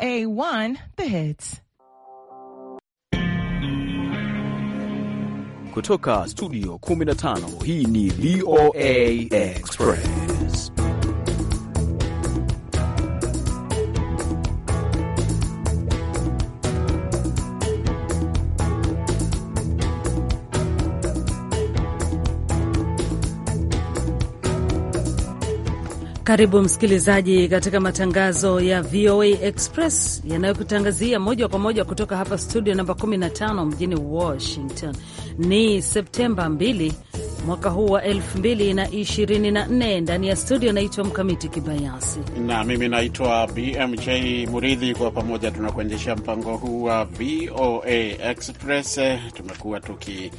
A one The Hits. Kutoka studio 15 hii ni VOA Express. Karibu msikilizaji katika matangazo ya VOA Express yanayokutangazia moja kwa moja kutoka hapa studio namba 15 mjini Washington. Ni Septemba 2 mwaka huu wa 2024. Ndani ya studio naitwa Mkamiti Kibayasi na mimi naitwa BMJ Muridhi. Kwa pamoja tunakuendesha mpango huu wa VOA Express. Tumekuwa tuki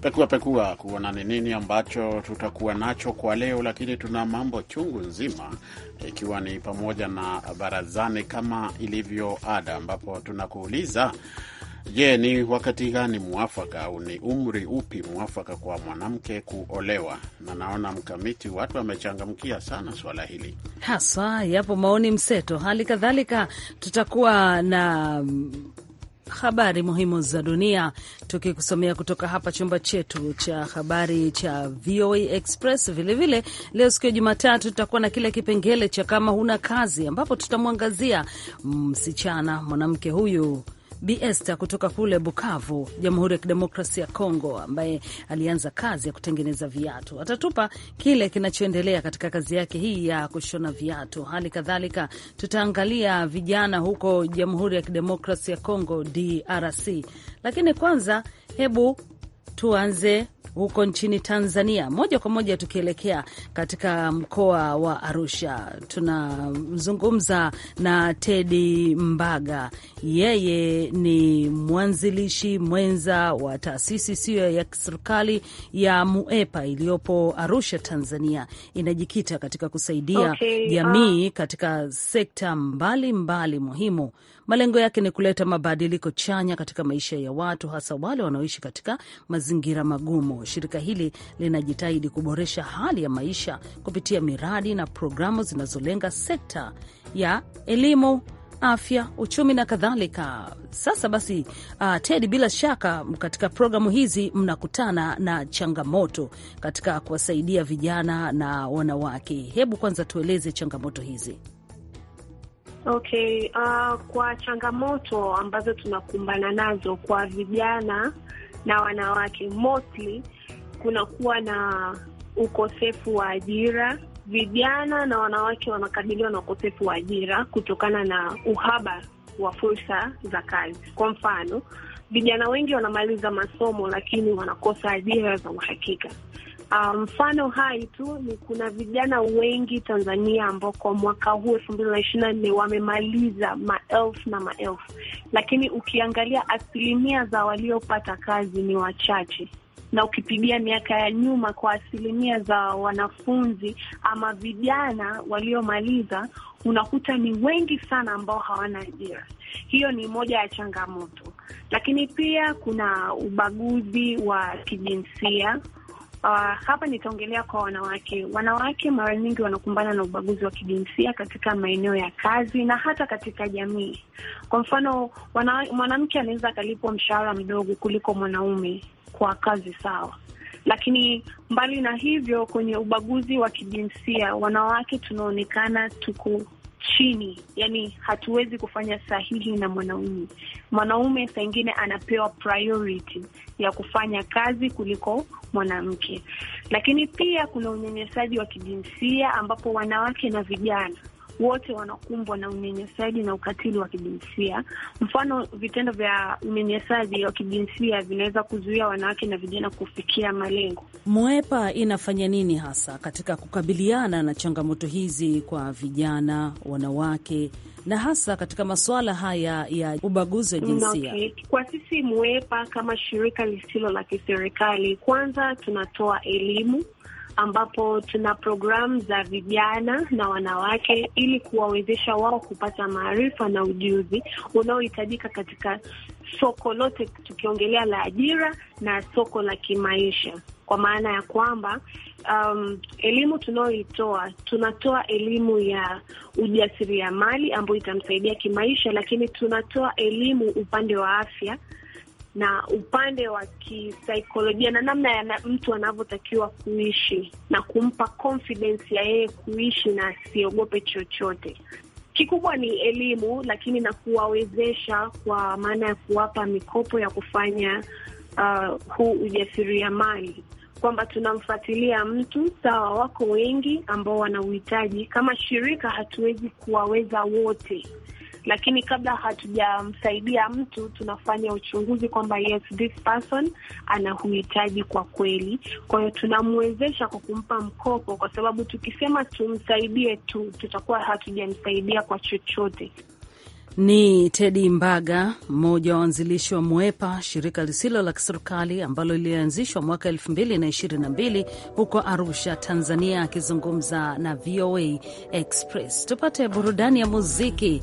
pekua pekua kuona ni nini ambacho tutakuwa nacho kwa leo, lakini tuna mambo chungu nzima, ikiwa ni pamoja na barazani kama ilivyo ada, ambapo tunakuuliza Je, ni wakati gani mwafaka au ni umri upi mwafaka kwa mwanamke kuolewa? Na naona mkamiti, watu wamechangamkia sana swala hili haswa, yapo maoni mseto. Hali kadhalika tutakuwa na habari muhimu za dunia tukikusomea kutoka hapa chumba chetu cha habari cha VOA Express. Vilevile vile, leo siku ya Jumatatu tutakuwa na kile kipengele cha kama huna kazi, ambapo tutamwangazia msichana mwanamke huyu Bi Esta kutoka kule Bukavu, Jamhuri ya Kidemokrasia ya Kongo, ambaye alianza kazi ya kutengeneza viatu. Atatupa kile kinachoendelea katika kazi yake hii ya kushona viatu. Hali kadhalika tutaangalia vijana huko Jamhuri ya Kidemokrasia ya Kongo, DRC. Lakini kwanza, hebu tuanze huko nchini Tanzania. Moja kwa moja tukielekea katika mkoa wa Arusha, tunamzungumza na Tedi Mbaga. Yeye ni mwanzilishi mwenza wa taasisi siyo ya serikali ya Muepa iliyopo Arusha, Tanzania. Inajikita katika kusaidia okay, jamii uh, katika sekta mbalimbali mbali muhimu Malengo yake ni kuleta mabadiliko chanya katika maisha ya watu, hasa wale wanaoishi katika mazingira magumu. Shirika hili linajitahidi kuboresha hali ya maisha kupitia miradi na programu zinazolenga sekta ya elimu afya, uchumi na kadhalika. Sasa basi, uh, Ted, bila shaka katika programu hizi mnakutana na changamoto katika kuwasaidia vijana na wanawake. Hebu kwanza tueleze changamoto hizi. Okay, uh, kwa changamoto ambazo tunakumbana nazo kwa vijana na wanawake mostly, kunakuwa na ukosefu wa ajira. Vijana na wanawake wanakabiliwa na ukosefu wa ajira kutokana na uhaba wa fursa za kazi. Kwa mfano, vijana wengi wanamaliza masomo lakini wanakosa ajira za uhakika. Ah, mfano um, hai tu ni kuna vijana wengi Tanzania ambao kwa mwaka huu elfu mbili na ishirini na nne wamemaliza maelfu na maelfu, lakini ukiangalia asilimia za waliopata kazi ni wachache na ukipigia miaka ya nyuma kwa asilimia za wanafunzi ama vijana waliomaliza unakuta ni wengi sana ambao hawana ajira. Hiyo ni moja ya changamoto, lakini pia kuna ubaguzi wa kijinsia Uh, hapa nitaongelea kwa wanawake. Wanawake mara nyingi wanakumbana na ubaguzi wa kijinsia katika maeneo ya kazi na hata katika jamii. Kwa mfano, mwanamke anaweza akalipwa mshahara mdogo kuliko mwanaume kwa kazi sawa. Lakini mbali na hivyo, kwenye ubaguzi wa kijinsia wanawake tunaonekana tuko chini, yani hatuwezi kufanya sahihi na mwanaume. Mwanaume saa ingine anapewa priority, ya kufanya kazi kuliko mwanamke. Lakini pia kuna unyanyasaji wa kijinsia ambapo wanawake na vijana wote wanakumbwa na unyanyasaji na ukatili wa kijinsia. Mfano, vitendo vya unyanyasaji wa kijinsia vinaweza kuzuia wanawake na vijana kufikia malengo. Mwepa inafanya nini hasa katika kukabiliana na changamoto hizi kwa vijana, wanawake na hasa katika masuala haya ya ubaguzi wa jinsia. Okay. Kwa sisi Mwepa kama shirika lisilo la kiserikali, kwanza tunatoa elimu ambapo tuna programu za vijana na wanawake ili kuwawezesha wao kupata maarifa na ujuzi unaohitajika katika soko lote, tukiongelea la ajira na soko la kimaisha, kwa maana ya kwamba um, elimu tunayoitoa tunatoa elimu ya ujasiriamali ambayo itamsaidia kimaisha, lakini tunatoa elimu upande wa afya na upande wa kisaikolojia na namna ya mtu anavyotakiwa kuishi na kumpa confidence ya yeye kuishi na asiogope chochote. Kikubwa ni elimu, lakini na kuwawezesha kwa maana ya kuwapa mikopo ya kufanya uh, huu ujasiriamali kwamba tunamfuatilia mtu sawa. Wako wengi ambao wana uhitaji, kama shirika hatuwezi kuwaweza wote lakini kabla hatujamsaidia mtu tunafanya uchunguzi kwamba yes this person anahuhitaji kwa kweli. Kwa hiyo tunamwezesha kwa kumpa mkopo, kwa sababu tukisema tumsaidie tu tutakuwa hatujamsaidia kwa chochote. Ni Tedi Mbaga, mmoja wa wanzilishi wa MWEPA, shirika lisilo la kiserikali ambalo lilianzishwa mwaka 2022 huko Arusha, Tanzania, akizungumza na VOA Express. Tupate burudani ya muziki.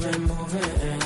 moving, moving. Eh.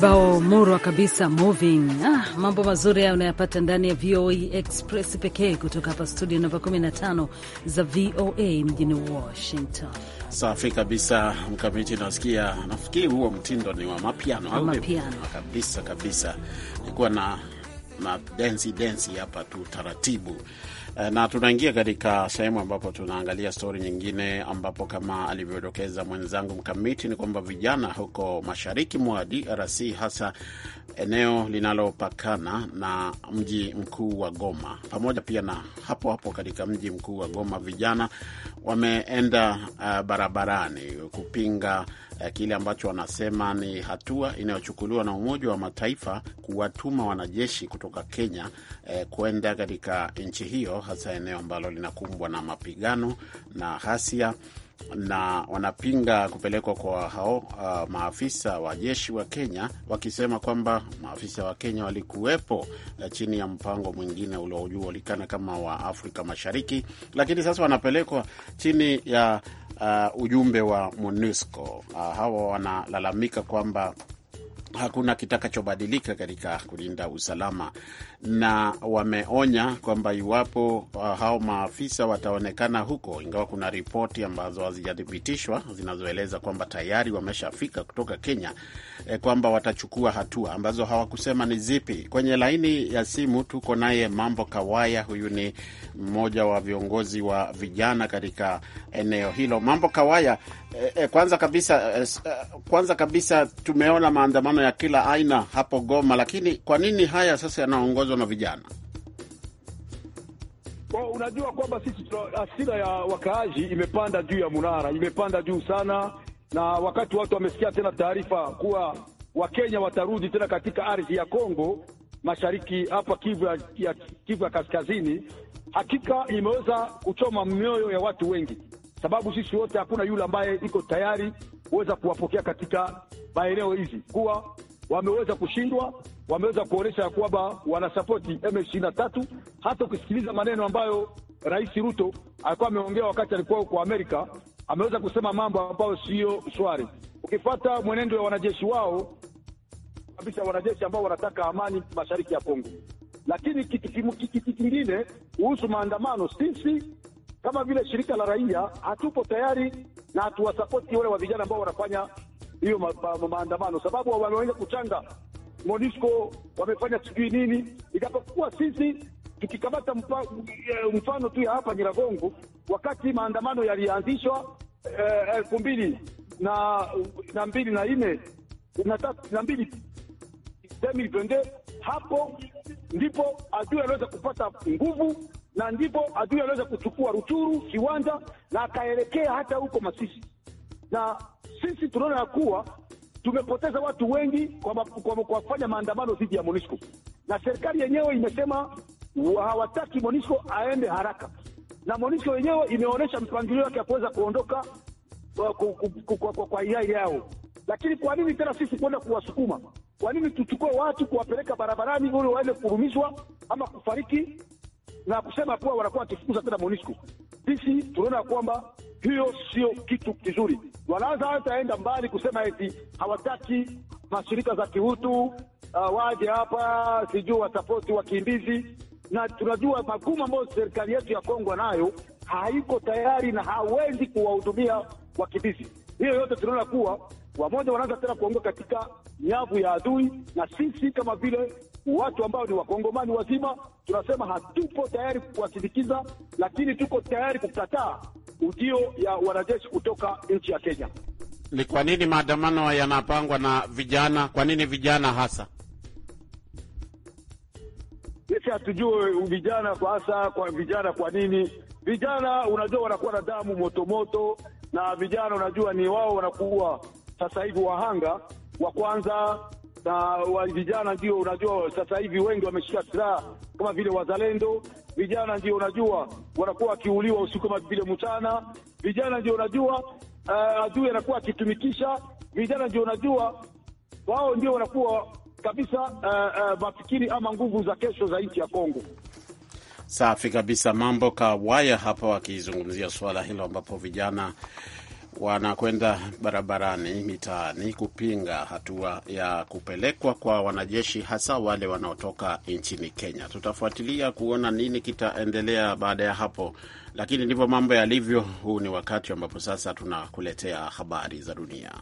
kibao murwa kabisa moving. Ah, mambo mazuri hayo unayapata ndani ya VOA e Express pekee kutoka hapa studio namba 15 za VOA e mjini Washington. Safi kabisa, Mkamiti. Nasikia, nafikiri huo mtindo ni wa mapiano au mapiano kabisa kabisa, nikuwa na na densi densi hapa tu taratibu Eh, na tunaingia katika sehemu ambapo tunaangalia stori nyingine, ambapo kama alivyodokeza mwenzangu Mkamiti ni kwamba vijana huko mashariki mwa DRC, hasa eneo linalopakana na mji mkuu wa Goma, pamoja pia na hapo hapo katika mji mkuu wa Goma, vijana wameenda uh, barabarani kupinga uh, kile ambacho wanasema ni hatua inayochukuliwa na Umoja wa Mataifa kuwatuma wanajeshi kutoka Kenya uh, kwenda katika nchi hiyo hasa eneo ambalo linakumbwa na mapigano na ghasia, na wanapinga kupelekwa kwa hao uh, maafisa wa jeshi wa Kenya, wakisema kwamba maafisa wa Kenya walikuwepo uh, chini ya mpango mwingine uliojulikana kama wa Afrika Mashariki, lakini sasa wanapelekwa chini ya uh, ujumbe wa MONUSCO. Uh, hawa wanalalamika kwamba hakuna kitakachobadilika katika kulinda usalama, na wameonya kwamba iwapo uh, hao maafisa wataonekana huko, ingawa kuna ripoti ambazo hazijathibitishwa zinazoeleza kwamba tayari wameshafika kutoka Kenya, eh, kwamba watachukua hatua ambazo hawakusema ni zipi. Kwenye laini ya simu tuko naye Mambo Kawaya, huyu ni mmoja wa viongozi wa vijana katika eneo hilo. Mambo Kawaya, eh, eh, kwanza kabisa, kwanza kabisa tumeona maandamano michuano ya kila aina hapo Goma, lakini kwa nini haya sasa yanaongozwa na vijana? Kwa unajua kwamba sisi asira ya wakaaji imepanda juu ya munara, imepanda juu sana, na wakati watu wamesikia tena taarifa kuwa Wakenya watarudi tena katika ardhi ya Kongo mashariki hapa Kivu ya, ya, Kivu ya kaskazini, hakika imeweza kuchoma mioyo ya watu wengi, sababu sisi wote hakuna yule ambaye iko tayari kuweza kuwapokea katika maeneo hizi kuwa wameweza kushindwa, wameweza kuonyesha kwamba wanasapoti M23. Hata ukisikiliza maneno ambayo Rais Ruto alikuwa ameongea wakati alikuwa huko Amerika, ameweza kusema mambo ambayo siyo swari. Ukifata mwenendo wa wanajeshi wao kabisa, wanajeshi ambao wanataka amani mashariki ya Kongo. Lakini kitu kingine kuhusu maandamano, sisi kama vile shirika la raia hatupo tayari na hatuwasapoti wale wa vijana ambao wanafanya hiyo maandamano, sababu wameweza kuchanga monisco wamefanya sijui nini, ijapokuwa sisi tukikamata eh, mfano tu ya hapa Nyiragongo, wakati maandamano yalianzishwa eh, elfu eh, mbili na, na mbili na nne na tatu na mbili hapo ndipo adui aliweza kupata nguvu na ndipo adui aliweza kuchukua Ruchuru kiwanja na akaelekea hata huko Masisi na sisi tunaona ya kuwa tumepoteza watu wengi kwa, kufanya maandamano dhidi ya MONUSCO na serikali yenyewe imesema hawataki MONUSCO aende haraka, na MONUSCO yenyewe imeonyesha mpangilio wake ya kuweza kuondoka kwa, kwa, hiari yao. Lakini kwa nini tena sisi kwenda kuwasukuma? Kwa nini tuchukue watu kuwapeleka barabarani ili waende kurumizwa ama kufariki na kusema kuwa wanakuwa wakifukuza tena MONUSCO? Sisi tunaona kwamba hiyo sio kitu kizuri. Wanaanza wataenda mbali kusema eti hawataki mashirika za kiutu uh, waje hapa sijui wasapoti wakimbizi, na tunajua magumu ambayo serikali yetu ya Kongo nayo haiko tayari na hawezi kuwahudumia wakimbizi. Hiyo yote tunaona kuwa wamoja wanaanza tena kuongea katika nyavu ya adui, na sisi kama vile watu ambao ni wakongomani wazima tunasema hatupo tayari kuwasindikiza, lakini tuko tayari kukataa ujio ya wanajeshi kutoka nchi ya Kenya. Ni kwa nini maandamano yanapangwa na vijana? Kwa nini vijana hasa? Sisi hatujue vijana hasa, kwa vijana kwa nini vijana? Unajua wanakuwa na damu motomoto, na vijana unajua ni wao wanakuwa sasa hivi wahanga wa kwanza na wa vijana ndio unajua, sasa hivi wengi wameshika silaha kama vile wazalendo. Vijana ndio unajua wanakuwa wakiuliwa usiku kama vile mchana. Vijana ndio unajua uh, adui anakuwa akitumikisha vijana, ndio unajua wao ndio wanakuwa kabisa uh, uh, mafikiri ama nguvu za kesho za nchi ya Kongo. Safi kabisa, mambo kawaya hapa wakizungumzia suala hilo ambapo vijana wanakwenda barabarani, mitaani kupinga hatua ya kupelekwa kwa wanajeshi, hasa wale wanaotoka nchini Kenya. Tutafuatilia kuona nini kitaendelea baada ya hapo, lakini ndivyo mambo yalivyo. Huu ni wakati ambapo sasa tunakuletea habari za dunia.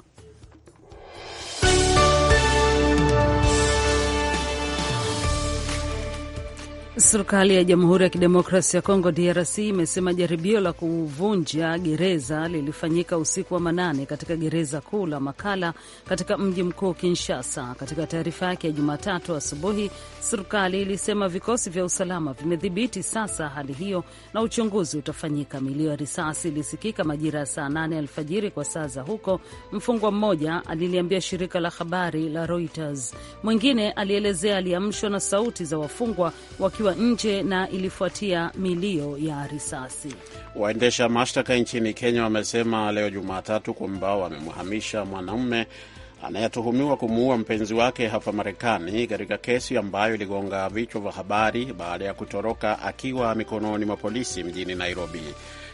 Serikali ya Jamhuri ya Kidemokrasi ya Kongo, DRC, imesema jaribio la kuvunja gereza lilifanyika usiku wa manane katika gereza kuu la Makala katika mji mkuu Kinshasa. Katika taarifa yake ya Jumatatu asubuhi, serikali ilisema vikosi vya usalama vimedhibiti sasa hali hiyo na uchunguzi utafanyika. Milio ya risasi ilisikika majira ya saa nane alfajiri kwa saa za huko, mfungwa mmoja aliliambia shirika la habari la Reuters. Mwingine alielezea aliamshwa na sauti za wafungwa wakiwa ilipigwa nje na ilifuatia milio ya risasi. Waendesha mashtaka nchini Kenya wamesema leo Jumatatu kwamba wamemhamisha mwanaume anayetuhumiwa kumuua mpenzi wake hapa Marekani katika kesi ambayo iligonga vichwa vya habari baada ya kutoroka akiwa mikononi mwa polisi mjini Nairobi.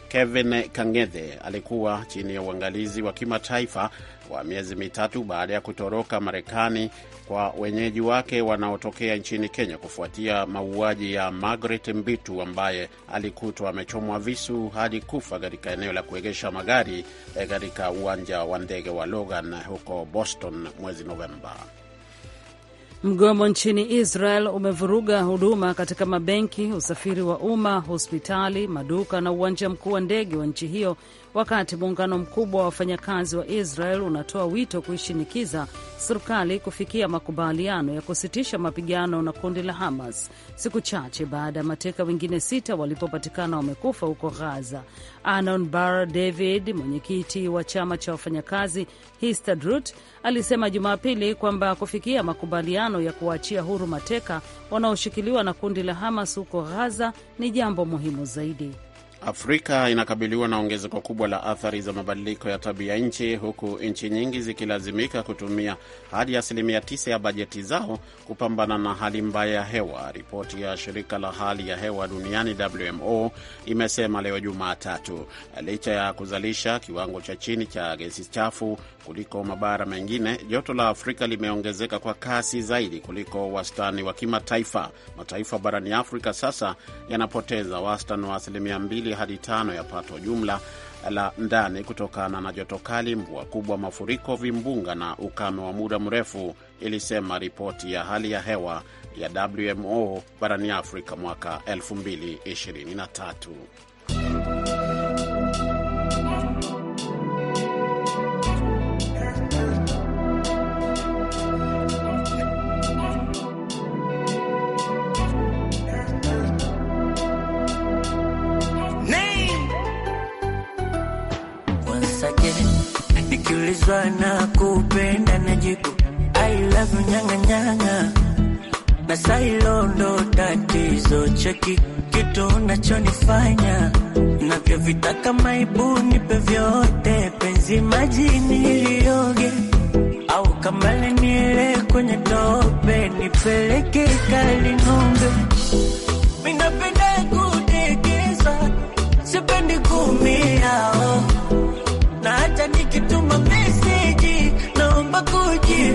Kevin Kangethe alikuwa chini ya uangalizi wa kimataifa wa miezi mitatu baada ya kutoroka Marekani kwa wenyeji wake wanaotokea nchini Kenya kufuatia mauaji ya Margaret Mbitu ambaye alikutwa amechomwa visu hadi kufa katika eneo la kuegesha magari eh, katika uwanja wa ndege wa Logan huko Boston mwezi Novemba. Mgomo nchini Israel umevuruga huduma katika mabenki, usafiri wa umma, hospitali, maduka na uwanja mkuu wa ndege wa nchi hiyo wakati muungano mkubwa wa wafanyakazi wa Israel unatoa wito kuishinikiza serikali kufikia makubaliano ya kusitisha mapigano na kundi la Hamas siku chache baada ya mateka wengine sita walipopatikana wamekufa huko ghaza Anon Bar David, mwenyekiti wa chama cha wafanyakazi Histadrut, alisema Jumapili kwamba kufikia makubaliano ya kuwaachia huru mateka wanaoshikiliwa na kundi la Hamas huko ghaza ni jambo muhimu zaidi. Afrika inakabiliwa na ongezeko kubwa la athari za mabadiliko ya tabia nchi huku nchi nyingi zikilazimika kutumia hadi asilimia tisa ya bajeti zao kupambana na hali mbaya ya hewa. Ripoti ya shirika la hali ya hewa duniani WMO imesema leo Jumatatu, licha ya kuzalisha kiwango cha chini cha gesi chafu kuliko mabara mengine, joto la Afrika limeongezeka kwa kasi zaidi kuliko wastani wa kimataifa. Mataifa barani Afrika sasa yanapoteza wastani wa asilimia mbili mbili hadi tano ya pato jumla la ndani kutokana na joto kali, mvua kubwa, mafuriko, vimbunga na ukame wa muda mrefu, ilisema ripoti ya hali ya hewa ya WMO barani Afrika mwaka 2023. hizo, cheki kitu unachonifanya navyovitaka, maibu nipe vyote, penzi majini ilioge, au kama leniele kwenye tope, nipeleke Kalinumbe, minapenda kutikisa, sipendi kumiao na hata nikituma meseji naomba kuji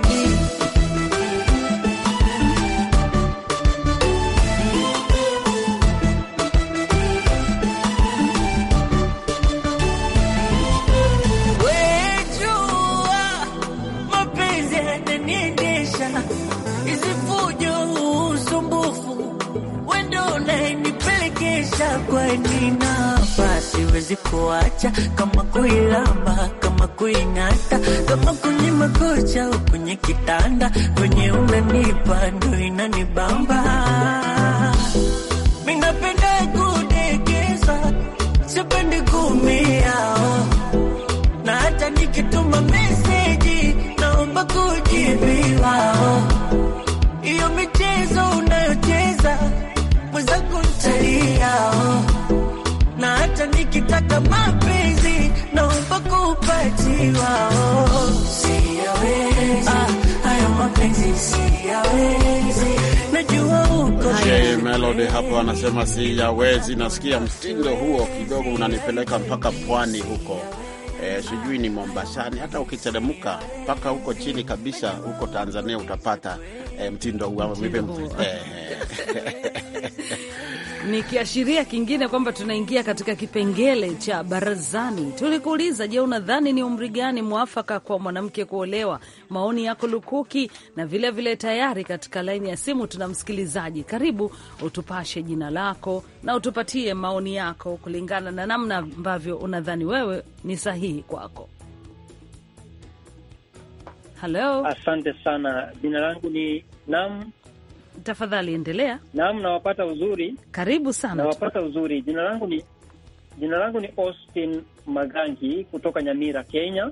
maisha kwani nafasi wezi kuacha kama kuilamba kama kuing'ata kama kwenye makocha kwenye kitanda kwenye umenipa ndo inanibamba minapenda kudekeza sipendi kumia na hata nikituma meseji naomba kujibiwa Melody hapo anasema si yawezi. Nasikia mtindo huo kidogo unanipeleka mpaka pwani huko, e, sijui ni Mombasani. Hata ukiteremka mpaka huko chini kabisa huko Tanzania utapata Eh, mtindo huu vipi? Ni kiashiria kingine kwamba tunaingia katika kipengele cha barazani. Tulikuuliza, je, unadhani ni umri gani mwafaka kwa mwanamke kuolewa? Maoni yako lukuki, na vilevile vile tayari katika laini ya simu tuna msikilizaji. Karibu utupashe jina lako na utupatie maoni yako kulingana na namna ambavyo unadhani wewe ni sahihi kwako. Hello. Asante sana, jina langu ni Nam. Tafadhali endelea. Naam, nawapata uzuri. Karibu sana. Nawapata uzuri. Jina langu ni jina langu ni Austin Magangi kutoka Nyamira, Kenya.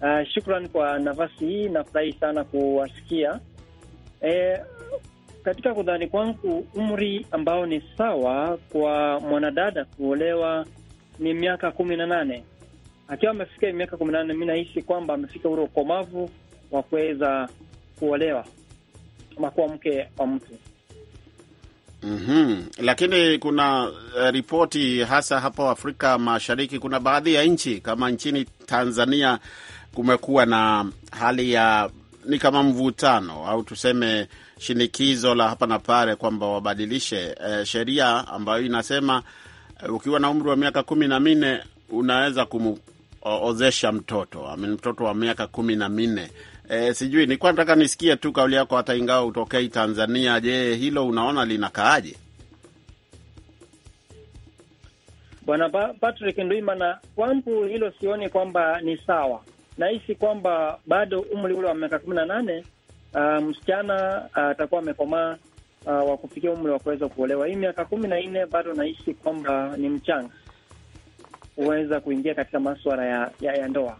Uh, shukran kwa nafasi hii, nafurahi sana kuwasikia. E, katika kudhani kwangu umri ambao ni sawa kwa mwanadada kuolewa ni miaka kumi na nane akiwa amefika miaka kumi na nne mi nahisi kwamba amefika ule ukomavu wa kuweza kuolewa ama kuwa mke wa mtu. Mm -hmm. Lakini kuna uh, ripoti hasa hapo Afrika Mashariki, kuna baadhi ya nchi kama nchini Tanzania kumekuwa na hali ya ni kama mvutano au tuseme shinikizo la hapa na pale kwamba wabadilishe uh, sheria ambayo inasema uh, ukiwa na umri wa miaka kumi na minne unaweza kuozesha mtoto Amin, mtoto wa miaka kumi na minne. E, sijui nikuwa nataka nisikie tu kauli yako, hata ingawa utokei Tanzania. Je, hilo unaona linakaaje? Bwana Patrick Ndwimana, kwangu hilo sioni kwamba ni sawa. Nahisi kwamba bado umri ule wa miaka kumi na nane uh, msichana ah, atakuwa uh, amekomaa uh, wa kufikia umri wa kuweza kuolewa. Hii miaka kumi na nne bado nahisi kwamba ni mchanga kuweza kuingia katika maswala ya, ya, ya ndoa.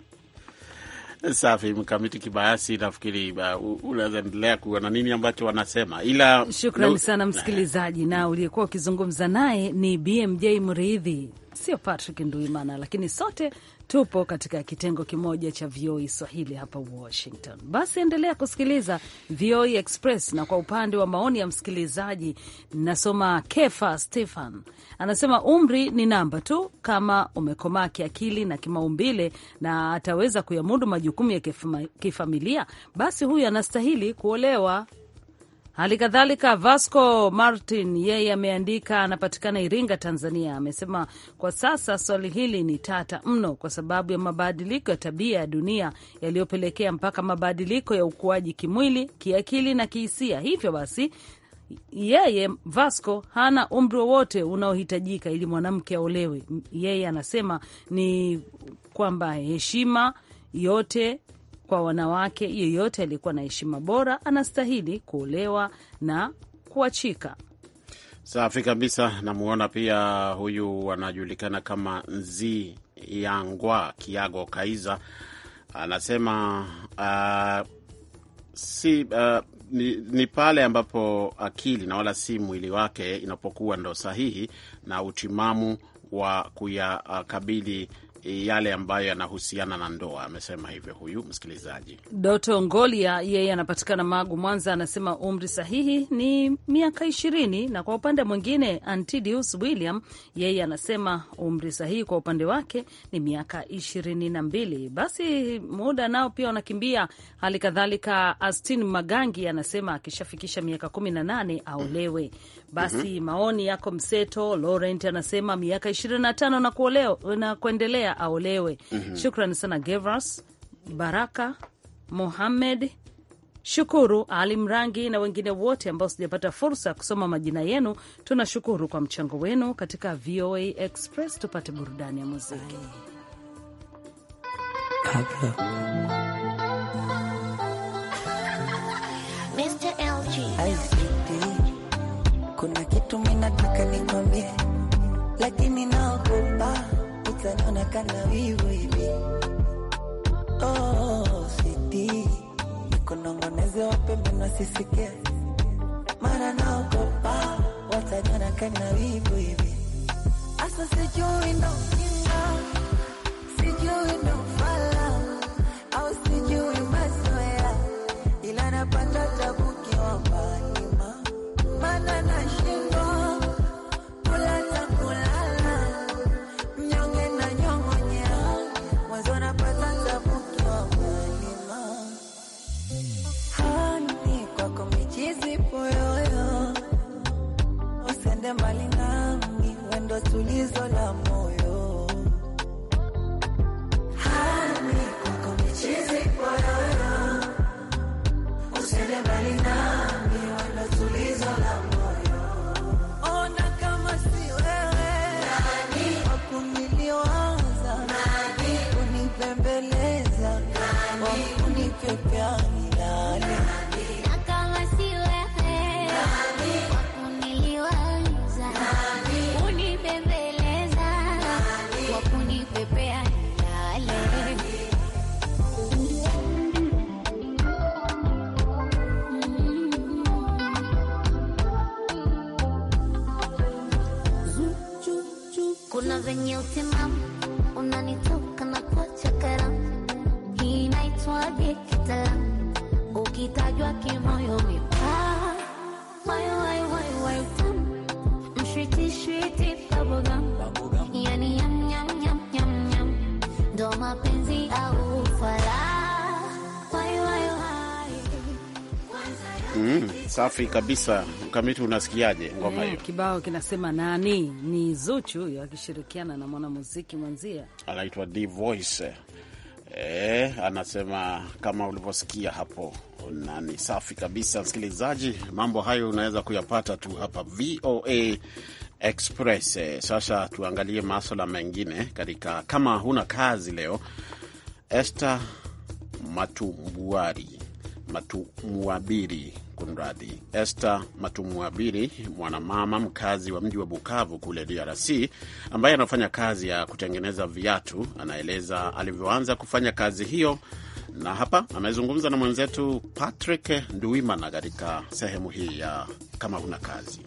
Safi mkamiti kibayasi, nafikiri uh, unaweza endelea kuona nini ambacho wanasema, ila shukrani no... sana msikilizaji, na uliyekuwa ukizungumza naye ni BMJ Mridhi, sio Patrick Nduimana, lakini sote tupo katika kitengo kimoja cha VOA e Swahili hapa Washington. Basi endelea kusikiliza VOA e Express. Na kwa upande wa maoni ya msikilizaji, nasoma Kefa Stefan anasema umri ni namba tu, kama umekomaa kiakili na kimaumbile na ataweza kuyamudu majukumu ya kifamilia, basi huyu anastahili kuolewa. Hali kadhalika Vasco Martin yeye ameandika, anapatikana Iringa, Tanzania. Amesema kwa sasa swali hili ni tata mno, kwa sababu ya mabadiliko ya tabia ya dunia yaliyopelekea mpaka mabadiliko ya ukuaji kimwili, kiakili na kihisia. Hivyo basi yeye Vasco hana umri wowote unaohitajika ili mwanamke aolewe. Yeye anasema ni kwamba heshima yote kwa wanawake, yeyote aliyekuwa na heshima bora anastahili kuolewa na kuachika. Safi kabisa. Namuona pia huyu anajulikana kama Nzi Yangwa Kiago Kaiza, anasema uh, si uh, ni, ni pale ambapo akili na wala si mwili wake inapokuwa ndo sahihi na utimamu wa kuyakabili yale ambayo yanahusiana na ndoa. Amesema hivyo huyu msikilizaji. Doto Ngolia yeye anapatikana Magu, Mwanza, anasema umri sahihi ni miaka ishirini, na kwa upande mwingine Antidius William yeye anasema umri sahihi kwa upande wake ni miaka ishirini na mbili. Basi muda nao pia wanakimbia. Hali kadhalika Astin Magangi anasema akishafikisha miaka kumi na nane aolewe. Basi mm -hmm. maoni yako mseto. Laurent anasema miaka ishirini na tano na kuolewa na kuendelea aolewe. mm -hmm. Shukran sana Gevras Baraka Mohamed Shukuru Ali Mrangi na wengine wote ambao sijapata fursa ya kusoma majina yenu. Tunashukuru kwa mchango wenu katika VOA Express. Tupate burudani ya muziki kuna kitu minataka nikwambie, lakini naogopa utaona kana wivu hivi. Oh, siti mara naogopa kana wivu hivi. Asa sijui ndo kinga, sijui ndo fala au sijui mazoea, ila napata tabu nashinda safi kabisa. Mkamiti, unasikiaje ngoma eh, hiyo? Kibao kinasema nani? Ni Zuchu huyo akishirikiana na mwanamuziki mwenzia anaitwa D Voice. E, anasema kama ulivyosikia hapo, na ni safi kabisa. Msikilizaji, mambo hayo unaweza kuyapata tu hapa VOA Express. Sasa tuangalie maswala mengine katika, kama huna kazi leo, Esther Matumbuari Matumuabiri, kunradhi, Esther Matumuabiri, mwanamama mkazi wa mji wa Bukavu kule DRC, ambaye anafanya kazi ya kutengeneza viatu, anaeleza alivyoanza kufanya kazi hiyo, na hapa amezungumza na mwenzetu Patrick Nduimana katika sehemu hii ya kama una kazi.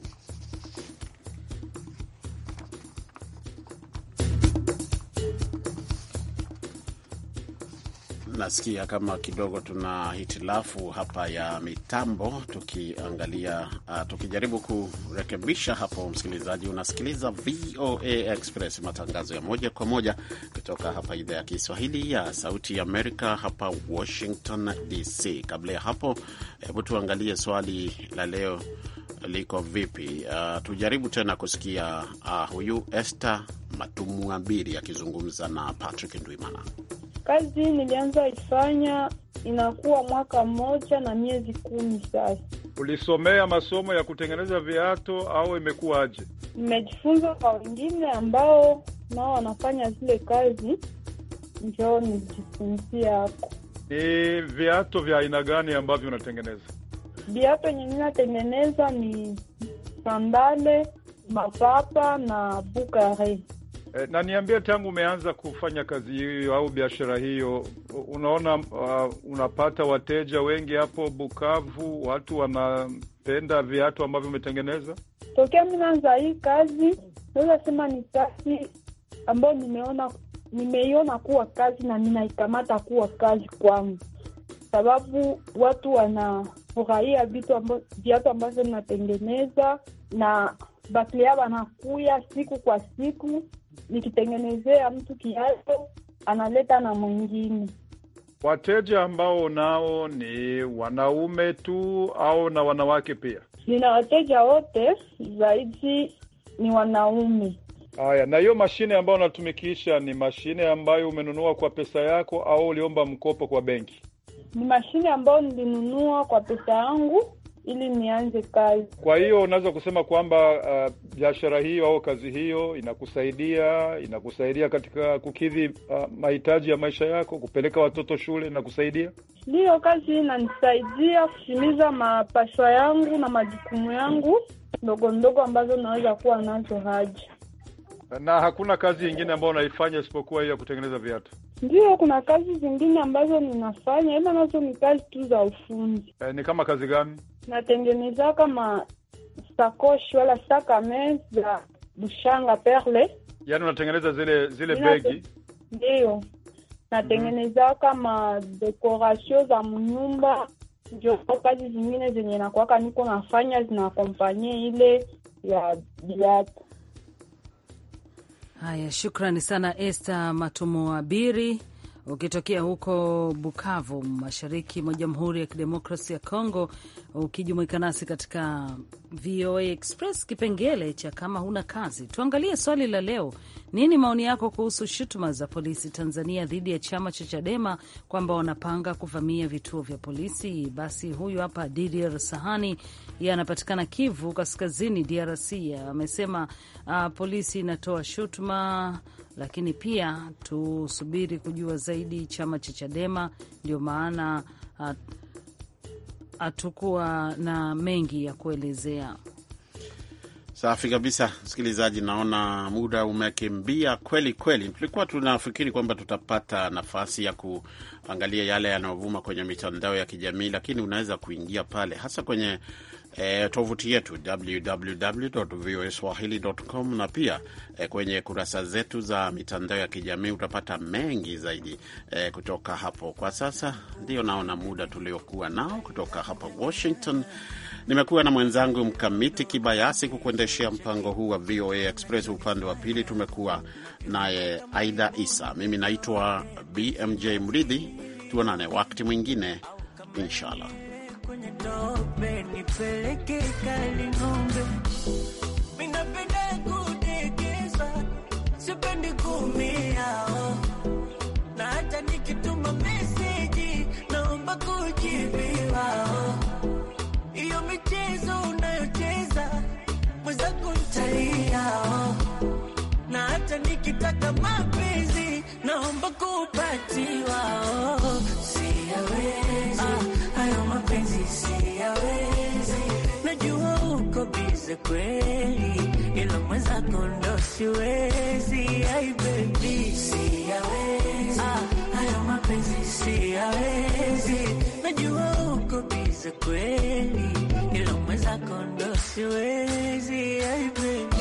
nasikia kama kidogo tuna hitilafu hapa ya mitambo, tukiangalia uh, tukijaribu kurekebisha hapo. Msikilizaji, unasikiliza VOA Express, matangazo ya moja kwa moja kutoka hapa idhaa ya Kiswahili ya Sauti ya Amerika, hapa Washington DC. Kabla ya hapo, hebu tuangalie swali la leo liko vipi? Uh, tujaribu tena kusikia uh, huyu Esther Matumwambiri akizungumza na Patrick Ndwimana. Kazi nilianza ifanya inakuwa mwaka mmoja na miezi kumi sasa. Ulisomea masomo ya kutengeneza viato au imekuwaje? Nimejifunza kwa wengine ambao nao wanafanya zile kazi, njo nijifunzia hapo. Ni viato vya aina gani ambavyo unatengeneza? Viato yenye ninatengeneza ni sandale, mapapa na bukare. E, na niambie, tangu umeanza kufanya kazi hiyo au biashara hiyo, unaona uh, unapata wateja wengi hapo Bukavu? Watu wanapenda viatu ambavyo umetengeneza? Tokea minaanza hii kazi, naweza sema ni kazi ambayo nimeona nimeiona kuwa kazi na ninaikamata kuwa kazi kwangu, sababu watu wanafurahia vitu amba, viatu ambavyo natengeneza na baklia wanakuya siku kwa siku nikitengenezea mtu kiazo analeta na mwingine. Wateja ambao nao ni wanaume tu au na wanawake pia? Nina wateja wote, zaidi ni wanaume. Haya, na hiyo mashine ambayo unatumikisha ni mashine ambayo umenunua kwa pesa yako au uliomba mkopo kwa benki? Ni mashine ambayo nilinunua kwa pesa yangu ili nianze kazi. Kwa hiyo unaweza kusema kwamba uh, biashara hiyo au kazi hiyo inakusaidia inakusaidia katika kukidhi uh, mahitaji ya maisha yako, kupeleka watoto shule, inakusaidia? Ndiyo, kazi hii inanisaidia kutimiza mapashwa yangu na majukumu yangu ndogo ndogo ambazo naweza kuwa nazo haja. Na hakuna kazi ingine ambayo unaifanya isipokuwa hiyo ya kutengeneza viatu? Ndio, kuna kazi zingine ambazo ninafanya, ila nazo ni kazi tu za ufundi. E, ni kama kazi gani? natengeneza kama sakoshi wala sakame za bushanga perle. Yani unatengeneza zile zile begi? Ndio, natengeneza mm kama madekoratio za mnyumba, ndio kazi zingine zenye nakwaka niko nafanya zinaakompanye ile ya biatu. Haya, shukrani sana Esther Matumoabiri ukitokea huko Bukavu, mashariki mwa Jamhuri ya Kidemokrasi ya congo ukijumuika nasi katika VOA Express, kipengele cha kama huna kazi. Tuangalie swali la leo, nini maoni yako kuhusu shutuma za polisi Tanzania dhidi ya chama cha Chadema kwamba wanapanga kuvamia vituo vya polisi? Basi huyu hapa Didier Sahani, yeye anapatikana Kivu Kaskazini, DRC, amesema uh, polisi inatoa shutuma lakini pia tusubiri kujua zaidi chama cha Chadema. Ndio maana hatukuwa na mengi ya kuelezea. Safi kabisa, msikilizaji, naona muda umekimbia kweli kweli. Tulikuwa tunafikiri kwamba tutapata nafasi ya kuangalia yale yanayovuma kwenye mitandao ya kijamii, lakini unaweza kuingia pale hasa kwenye e, tovuti yetu www.voaswahili.com na pia e, kwenye kurasa zetu za mitandao ya kijamii utapata mengi zaidi e, kutoka hapo. Kwa sasa ndio naona muda tuliokuwa nao kutoka hapa Washington. Nimekuwa na mwenzangu Mkamiti Kibayasi kukuendeshea mpango huu wa VOA Express. Upande wa pili tumekuwa naye Aida Isa. Mimi naitwa BMJ Mridhi. Tuonane wakati mwingine inshallah. Nitope nipeleke Kaling'ombe, minapenda kudekezwa, sipendi kumia na hata nikituma meseji naomba kujibiwa. Hiyo michezo unayocheza mwenzangu ntalia, na hata nikitaka mapenzi naomba kupatiwa. niweze kweli, ila mwenzako ndo siwezi. Ai baby, siyawezi ah, hayo mapenzi, siyawezi. Najua uko bize kweli, ila mwenzako ndo siwezi. Ai baby